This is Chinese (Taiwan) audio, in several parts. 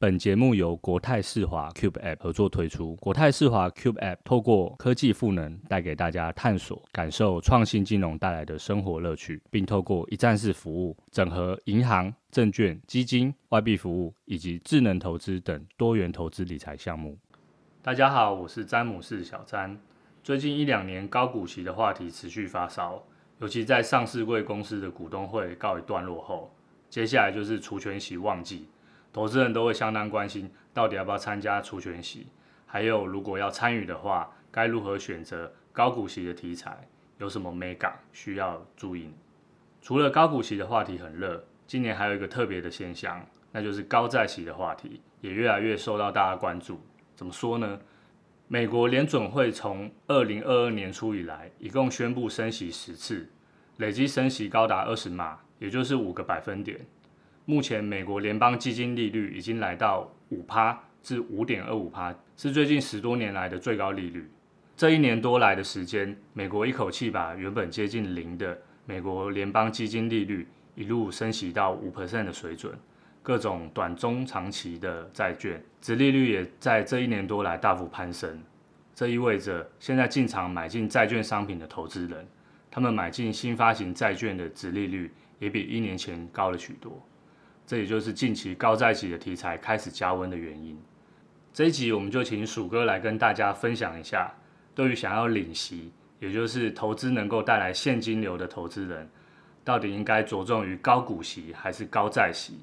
本節目由國泰世華 Cube App 合作推出。國泰世華 Cube App 透過科技賦能，帶給大家探索、感受創新金融帶來的生活樂趣，並透過一站式服務，整合銀行、證券、基金、外幣服務以及智能投資等多元投資理財項目。大家好，我是詹姆士小詹。最近一兩年高股息的話題持續發燒，尤其在上市櫃公司的股東會告一段落後，接下來就是除權息旺季。投資人都會相當關心，到底要不要參加除權息？還有，如果要參與的話，該如何選擇高股息的題材？有什麼門檻需要注意？除了高股息的話題很熱，今年還有一個特別的現象，那就是高債息的話題也越來越受到大家關注。怎麼說呢？美國聯準會從二零二二年初以來，一共宣布升息十次，累計升息高達二十碼，也就是五個百分點。目前，美國聯邦基金利率已經來到五趴至五點二五趴，是最近十多年來的最高利率。這一年多來的時間，美國一口氣把原本接近零的美國聯邦基金利率一路升息到五 percent 的水準。各種短中長期的債券殖利率也在這一年多來大幅攀升。這意味着，現在進場買進債券商品的投資人，他們買進新發行債券的殖利率也比一年前高了許多。這也就是近期高債息的題材開始加溫的原因。這一集我們就請薯哥來跟大家分享一下，對於想要領息，也就是投資能夠帶來現金流的投資人，到底應該着重於高股息還是高債息？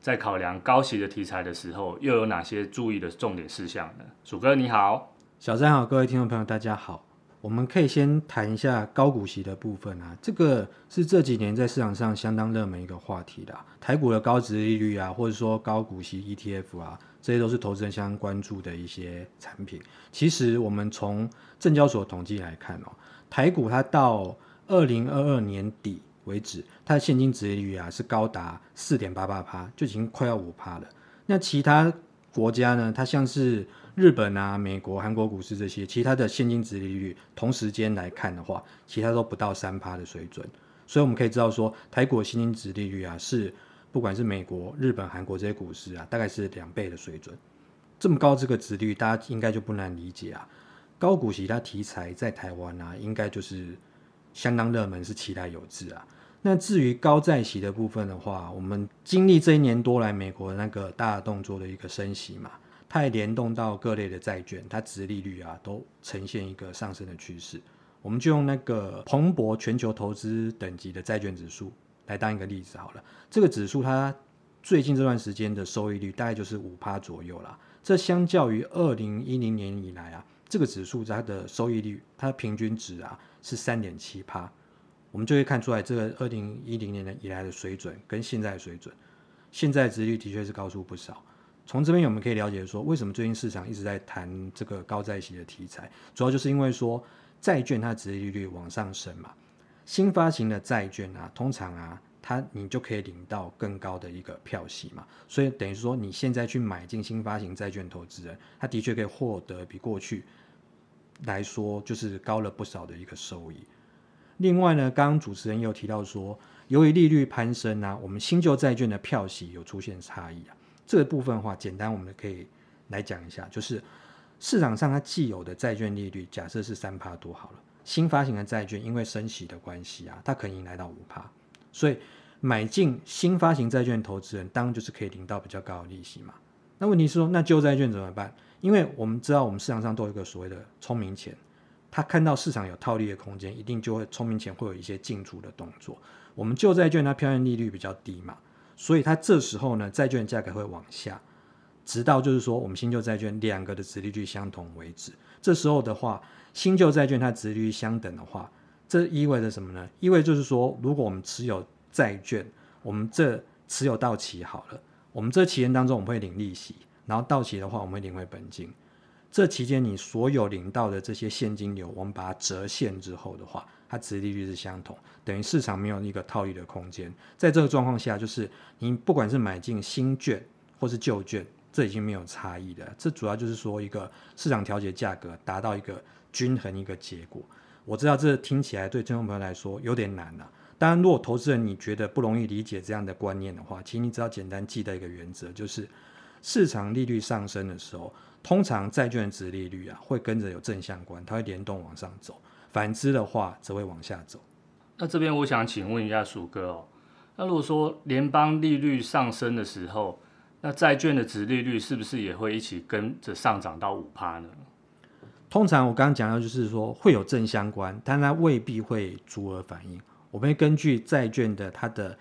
在考量高息的題材的時候，又有哪些注意的重點事項呢？薯哥你好，小三好，各位聽眾朋友大家好。我們可以先談一下高股息的部分啊，這個是這幾年在市場上相當熱門一個話題的啊。台股的高殖利率啊，或者說高股息 ETF 啊，這些都是投資人相關注的一些產品。其實我們從證交所統計來看哦，台股它到二零二二年底為止，它的現金殖利率啊是高達四點八八趴，就已經快要五趴了。那其他國家呢，它像是。日本啊、美國、韓國股市這些，其他的現金殖利率同時間來看的話，其他都不到三趴的水準，所以我們可以知道說，台股現金殖利率啊，是不管是美國、日本、韓國這些股市啊，大概是兩倍的水準。這麼高這個殖利率，大家應該就不難理解啊。高股息它題材在台灣啊，應該就是相當熱門，是期待有質啊。那至於高債息的部分的話，我們經歷這一年多來美國的那個大動作的一個升息嘛。它還聯動到各類的債券，它殖利率啊都呈現一個上升的趨勢。我們就用那個彭博全球投資等級的債券指數來當一個例子好了。這個指數它最近這段時間的收益率大概就是五趴左右了。這相較於二零一零年以來啊，這個指數它的收益率，它的平均值啊是三點七趴。我們就會看出來，這個二零一零年以來的水準跟現在的水準，現在的殖利率的確是高出不少。從這邊我們可以了解說，為什麼最近市場一直在談這個高債息的題材，主要就是因為說，債券它的殖利率往上升嘛。新發行的債券啊，通常啊，它你就可以領到更高的一個票息嘛。所以等於說，你現在去買進新發行債券，投資人他的確可以獲得比過去來說就是高了不少的一個收益。另外呢，剛剛主持人有提到說，由於利率攀升啊，我們新舊債券的票息有出現差異啊。這個部分的話，簡單，我們可以來講一下，就是市場上它既有的債券利率，假設是三趴多好了。新發行的債券因為升息的關係啊，它可能已經來到五趴。所以買進新發行債券，投資人當然就是可以領到比較高的利息嘛。那問題是說，那舊債券怎麼辦？因為我們知道我們市場上都有一個所謂的聰明錢，他看到市場有套利的空間，一定就會聰明錢會有一些進出的動作。我們舊債券它票面利率比較低嘛。所以它這時候呢，債券價格會往下，直到就是說，我們新舊債券兩個的殖利率相同為止。這時候的話，新舊債券它殖利率相等的話，這意味着什麼呢？意味就是說，如果我們持有債券，我們這持有到期好了，我們這期間當中我們會領利息，然後到期的話我們會領回本金。這期間你所有領到的這些現金流，我們把它折現之後的話，它殖利率是相同，等於市場沒有一個套利的空間。在這個狀況下，就是你不管是買進新券或是舊券，這已經沒有差異的。這主要就是說一個市場調節價格達到一個均衡一個結果。我知道這聽起來對聽眾朋友來說有點難了啊。當然，如果投資人你覺得不容易理解這樣的觀念的話，其實你只要簡單記得一個原則就是。市場利率上升的時候，通常債券的殖利率啊會跟着有正相關，它會聯動往上走；反之的話，則會往下走。那這邊我想請問一下薯哥哦，那如果說聯邦利率上升的時候，那債券的殖利率是不是也會一起跟着上漲到五趴呢？通常我剛剛講到就是說會有正相關，但它未必會足額反應。我們會根據債券的它的。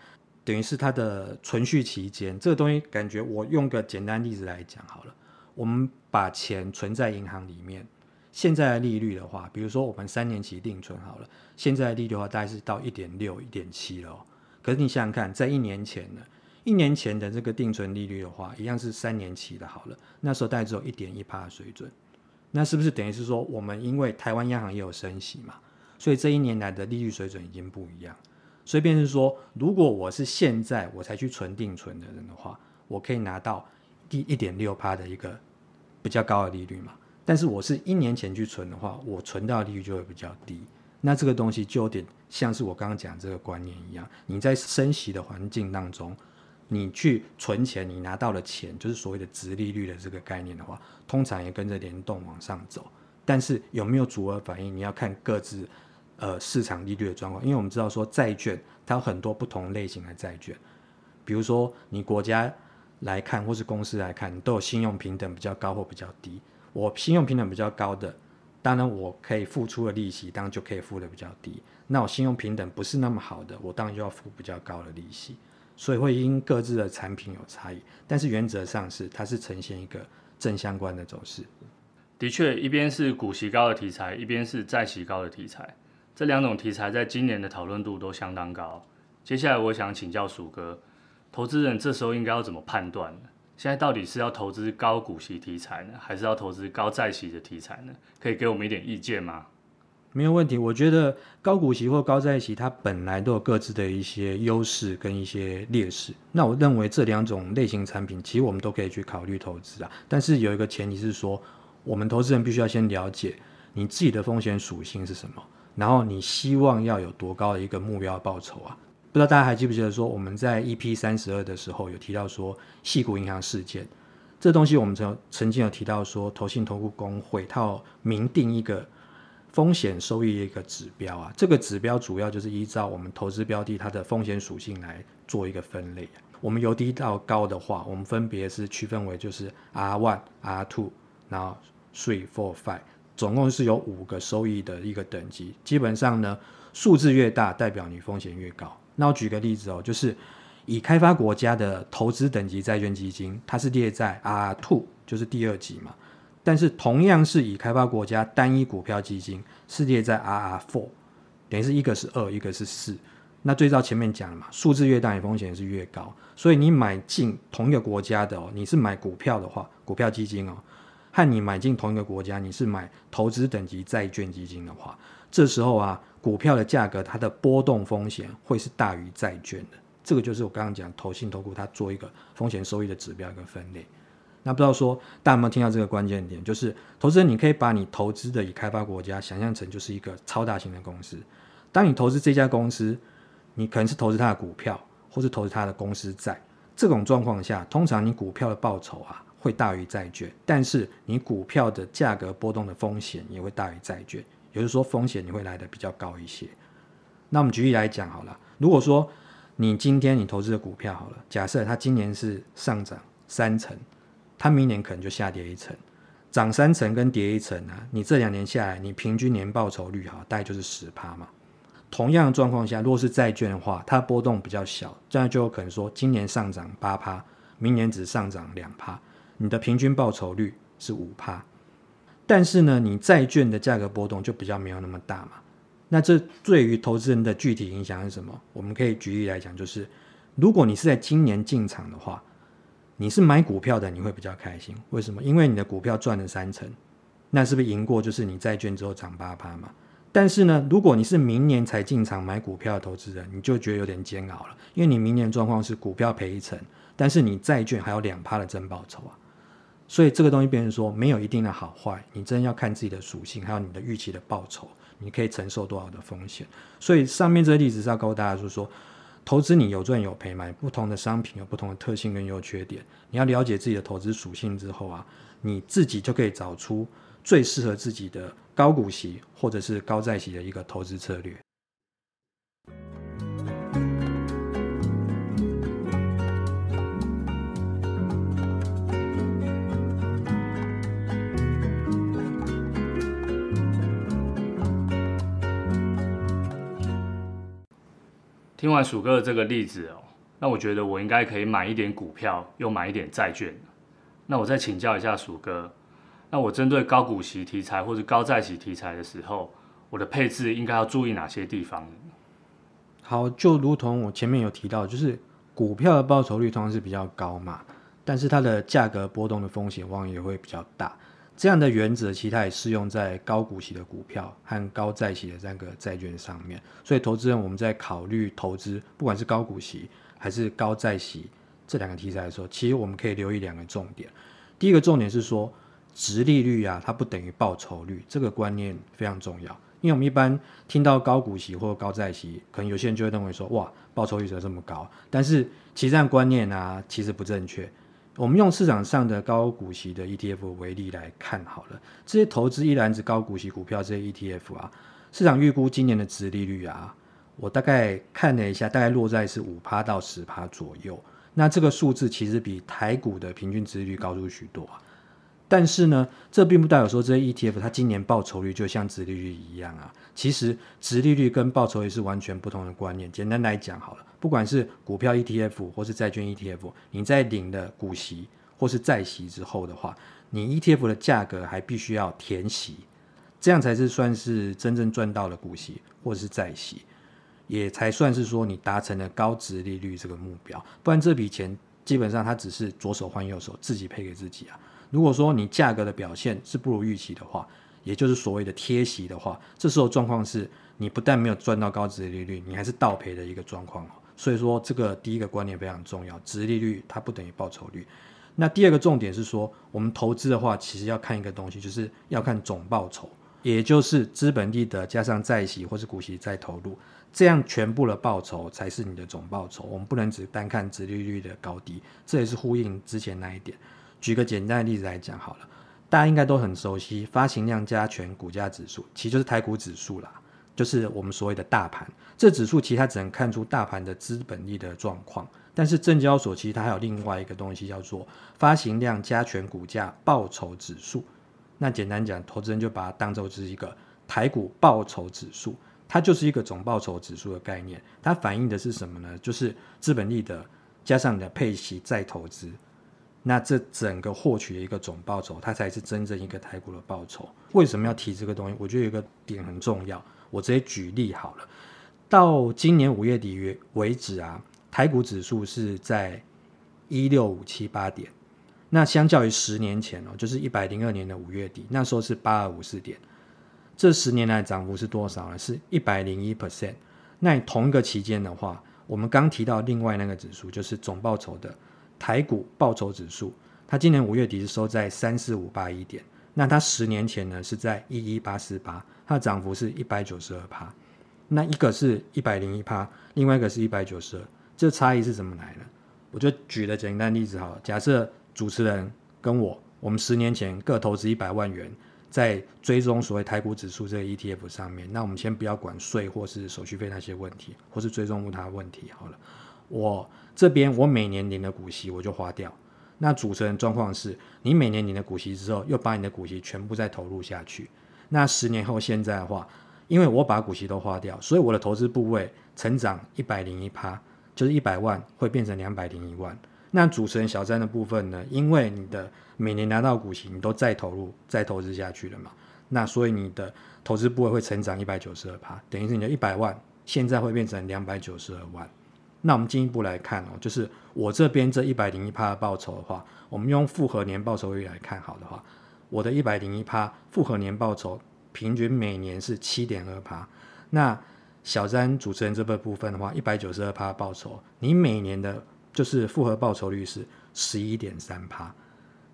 等於是它的存續期間，這個東西感覺我用個簡單例子來講好了。我們把錢存在銀行裡面，現在的利率的話，比如說我們三年期定存好了，現在的利率的話大概是到一點六、一點七了哦。可是你想想看，在一年前呢，一年前的這個定存利率的話，一樣是三年期的，好了，那時候大概只有一點一趴的水準。那是不是等於是說，我們因為台灣央行也有升息嘛，所以這一年來的利率水準已經不一樣？所以便是說，如果我是現在我才去存定存的人的話，我可以拿到第一點六趴的一個比較高的利率嘛。但是我是一年前去存的話，我存到的利率就會比較低。那這個東西就有點像是我剛剛講這個觀念一樣，你在升息的環境當中，你去存錢，你拿到的錢就是所謂的殖利率的這個概念的話，通常也跟着聯動往上走。但是有沒有足額反應，你要看各自。呃，市場利率的狀況，因為我們知道說，債券它有很多不同類型的債券，比如說你國家來看，或是公司來看，你都有信用評等比較高或比較低。我信用評等比較高的，當然我可以付出的利息當然就可以付的比較低。那我信用評等不是那麼好的，我當然就要付比較高的利息。所以會因各自的產品有差異，但是原則上是它是呈現一個正相關的走勢。的確，一邊是股息高的題材，一邊是債息高的題材。這兩種題材在今年的討論度都相當高。接下來我想請教薯哥，投資人這時候應該要怎麼判斷呢？現在到底是要投資高股息題材呢，還是要投資高債息的題材呢？可以給我們一點意見嗎？沒有問題，我覺得高股息或高債息它本來都有各自的一些優勢跟一些劣勢。那我認為這兩種類型產品，其實我們都可以去考慮投資啊。但是有一個前提是說，我們投資人必須要先了解你自己的風險屬性是什麼。然後你希望要有多高的一個目標報酬啊？不知道大家還記不記得說我們在 EP 三十二的時候有提到說矽谷銀行事件，這東西我們曾曾經有提到說投信投顧公會它要明定一個風險收益一個指標啊，這個指標主要就是依照我們投資標的它的風險屬性來做一個分類。我們由低到高的話，我們分別是區分為就是 R one、R two，然後 three、four、five。總共是有五個收益的一個等級，基本上呢，數字越大代表你風險越高。那我舉個例子哦，就是已開發國家的投資等級債券基金，它是列在 RR two，就是第二級嘛。但是同樣是已開發國家單一股票基金，是列在 RR four，等於是一個是二，一個是四。那最早前面講了嘛，數字越大，你風險是越高。所以你買進同一個國家的哦，你是買股票的話，股票基金哦。和你買進同一個國家，你是買投資等級債券基金的話，這時候啊，股票的價格，它的波動風險會是大於債券的。這個就是我剛剛講投信、投股，它做一個風險收益的指標跟分類。那不知道說大家有沒有聽到這個關鍵點，就是投資人，你可以把你投資的已開發國家想象成就是一個超大型的公司。當你投資這家公司，你可能是投資它的股票，或是投資它的公司債。這種狀況下，通常你股票的報酬啊，會大於債券，但是你股票的價格波動的風險也會大於債券，也就是說風險你會來的比較高一些。那我們舉例來講好了，如果說你今天你投資的股票好了，假設它今年是上漲三成，它明年可能就下跌一成，漲三成跟跌一成啊，你這兩年下來你平均年報酬率哈，大概就是十趴嘛。同樣的狀況下，如果是債券的話，它波動比較小，這樣就有可能說今年上漲八趴，明年只上漲兩趴，你的平均報酬率是五趴，但是呢，你債券的價格波動就比較沒有那麼大嘛。那這對於投資人的具體影響是什麼？我們可以舉例來講，就是如果你是在今年進場的話，你是買股票的，你會比較開心。為什麼？因為你的股票賺了三成，那是不是贏過就是你債券之後漲八趴嘛？但是呢，如果你是明年才進場買股票的投資人，你就覺得有點煎熬了，因為你明年狀況是股票賠一成，但是你債券還有兩趴的正報酬啊。所以這個東西，變成說沒有一定的好壞，你真要看自己的屬性，還有你的預期的報酬，你可以承受多少的風險。所以上面這個例子是要告訴大家，就是說，投資你有賺有賠，買不同的商品有不同的特性跟優缺點，你要了解自己的投資屬性之後啊，你自己就可以找出最適合自己的高股息或者是高債息的一個投資策略。聽完薯哥的這個例子哦，那我覺得我應該可以買一點股票，又買一點債券。那我再請教一下薯哥，那我針對高股息題材或者高債息題材的時候，我的配置應該要注意哪些地方？好，就如同我前面有提到，就是股票的報酬率通常是比較高嘛，但是它的價格波動的風險往往也會比較大。這樣的原則其實它也適用在高股息的股票和高債息的這個債券上面。所以，投資人我們在考慮投資不管是高股息還是高債息這兩個題材的時候，其實我們可以留意兩個重點。第一個重點是說，殖利率啊，它不等於報酬率，這個觀念非常重要。因為我們一般聽到高股息或高債息，可能有些人就會認為說，哇，報酬率怎麼這麼高？但是，其實這樣觀念啊，其實不正確。我們用市場上的高股息的 ETF 為例來看好了，這些投資一籃子高股息股票這些 ETF 啊，市場預估今年的殖利率啊，我大概看了一下，大概落在是五趴到十趴左右。那這個數字其實比台股的平均殖利率高出許多啊。但是呢，這並不代表說這些 ETF 它今年報酬率就像殖利率一樣啊。其實殖利率跟報酬率是完全不同的觀念。簡單來講好了，不管是股票 ETF 或是債券 ETF，你在領了股息或是債息之後的話，你 ETF 的價格還必須要填息，這樣才是算是真正賺到了股息或是債息，也才算是說你達成了高殖利率這個目標。不然這筆錢基本上它只是左手換右手，自己配給自己啊。如果說你價格的表現是不如預期的話，也就是所謂的貼息的話，這時候狀況是你不但沒有賺到高殖利率，你還是倒賠的一個狀況。所以說這個第一個觀念非常重要，殖利率它不等於報酬率。那第二個重點是說，我們投資的話，其實要看一個東西，就是要看總報酬，也就是資本利得加上債息或是股息再投入，這樣全部的報酬才是你的總報酬。我們不能只單看殖利率的高低，這也是呼應之前那一點。舉個簡單的例子來講好了，大家應該都很熟悉發行量加權股價指數，其實就是台股指數啦，就是我們所謂的大盤。這指數其實它只能看出大盤的資本利得狀況，但是證交所其實它還有另外一個東西叫做發行量加權股價報酬指數。那簡單講，投資人就把它當做是一個台股報酬指數，它就是一個總報酬指數的概念。它反映的是什麼呢？就是資本利得加上你的配息再投資。那這整個獲取的一個總報酬，它才是真正一個台股的報酬。為什麼要提這個東西？我覺得有一個點很重要，我直接舉例好了。到今年五月底為止啊，台股指數是在一六五七八點。那相較於十年前哦，就是一百零二年的五月底，那時候是八二五四點。這十年來漲幅是多少呢？是一百零一 percent。那你同一個期間的話，我們剛提到另外那個指數，就是總報酬的。台股報酬指數，它今年五月底是收在三四五八一點，那它十年前呢是在一一八四八，它的漲幅是一百九十二趴，那一個是一百零一趴，另外一個是一百九十二，這差異是怎麼來的？我就舉了簡單例子好了，假設主持人跟我，我們十年前各投資一百萬元，在追蹤所謂台股指數這個 ETF 上面，那我們先不要管稅或是手續費那些問題，或是追蹤其他問題好了，我。這邊我每年領的股息我就花掉，那主持人狀況是，你每年領的股息之後，又把你的股息全部再投入下去，那十年後現在的話，因為我把股息都花掉，所以我的投資部位成長一百零一趴，就是一百萬會變成兩百零一萬。那主持人小三的部分呢，因為你的每年拿到股息，你都再投入、再投資下去了嘛，那所以你的投資部位會成長一百九十二趴，等於是你的一百萬現在會變成兩百九十二萬。那我們進一步來看哦，就是我這邊這一百零一趴的報酬的話，我們用複合年報酬率來看，好的話，我的一百零一趴複合年報酬平均每年是七點二趴。那小詹主持人這個部分的話，一百九十二趴報酬，你每年的就是複合報酬率是十一點三趴。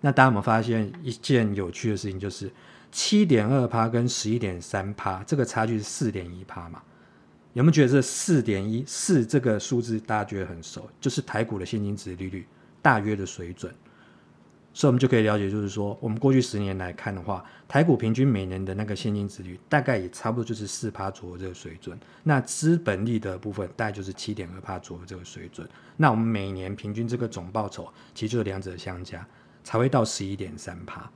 那大家有沒有發現一件有趣的事情，就是七點二趴跟十一點三趴這個差距是四點一趴嘛。有沒有覺得這四點一四這個數字大家覺得很熟？就是台股的現金殖利率大約的水準，所以我們就可以了解，就是說我們過去十年來看的話，台股平均每年的那個現金殖率大概也差不多就是四趴左右的水準。那資本利得的部分大概就是七點二趴左右這個水準。那我們每年平均這個總報酬其實就是兩者相加才會到十一點三趴。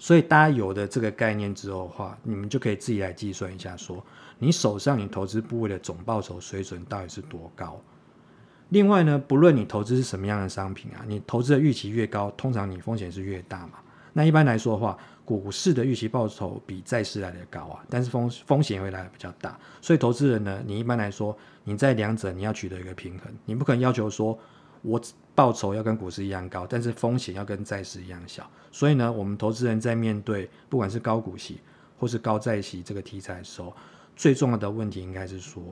所以大家有了這個概念之後的話，你們就可以自己來計算一下說，說你手上你投資部位的總報酬水準到底是多高？另外呢，不論你投資是什麼樣的商品啊，你投資的預期越高，通常你風險是越大嘛。那一般來說的話，股市的預期報酬比債市來得高啊，但是風風險也會來得比較大。所以投資人呢，你一般來說你在兩者你要取得一個平衡，你不可能要求說，我。報酬要跟股市一樣高，但是風險要跟債市一樣小。所以呢，我們投資人在面對不管是高股息或是高債息這個題材的時候，最重要的問題應該是說，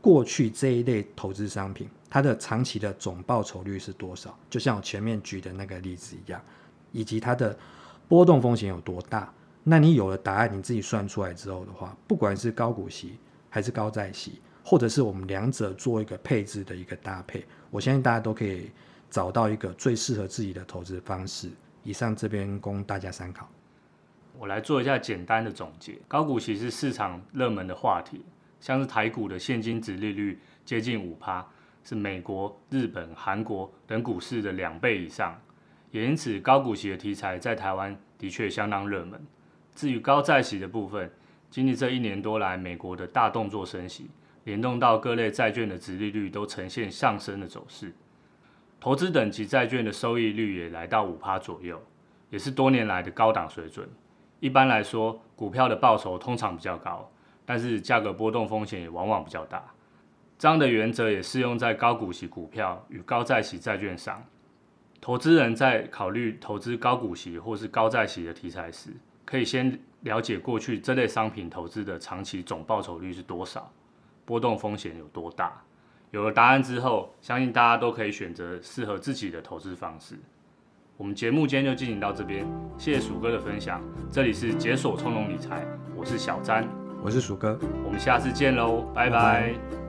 過去這一類投資商品它的長期的總報酬率是多少？就像我前面舉的那個例子一樣，以及它的波動風險有多大？那你有了答案，你自己算出來之後的話，不管是高股息還是高債息，或者是我們兩者做一個配置的一個搭配，我相信大家都可以。找到一個最適合自己的投資方式。以上這邊供大家參考。我來做一下簡單的總結。高股息是市場熱門的話題，像是台股的現金殖利率接近五趴，是美國、日本、韓國等股市的兩倍以上。也因此，高股息的題材在台灣的確相當熱門。至於高債息的部分，經歷這一年多來美國的大動作升息，聯動到各類債券的殖利率都呈現上升的走勢。投資等級債券的收益率也來到五趴左右，也是多年來的高檔水準。一般來說，股票的報酬通常比較高，但是價格波動風險也往往比較大。這樣的原則也適用在高股息股票與高債息債券上。投資人在考慮投資高股息或是高債息的題材時，可以先了解過去這類商品投資的長期總報酬率是多少，波動風險有多大。有了答案之後，相信大家都可以選擇適合自己的投資方式。我們節目今天就進行到這邊，謝謝薯哥的分享。這裡是解鎖從容理財，我是小詹，我是薯哥，我們下次見嘍，拜拜。Okay.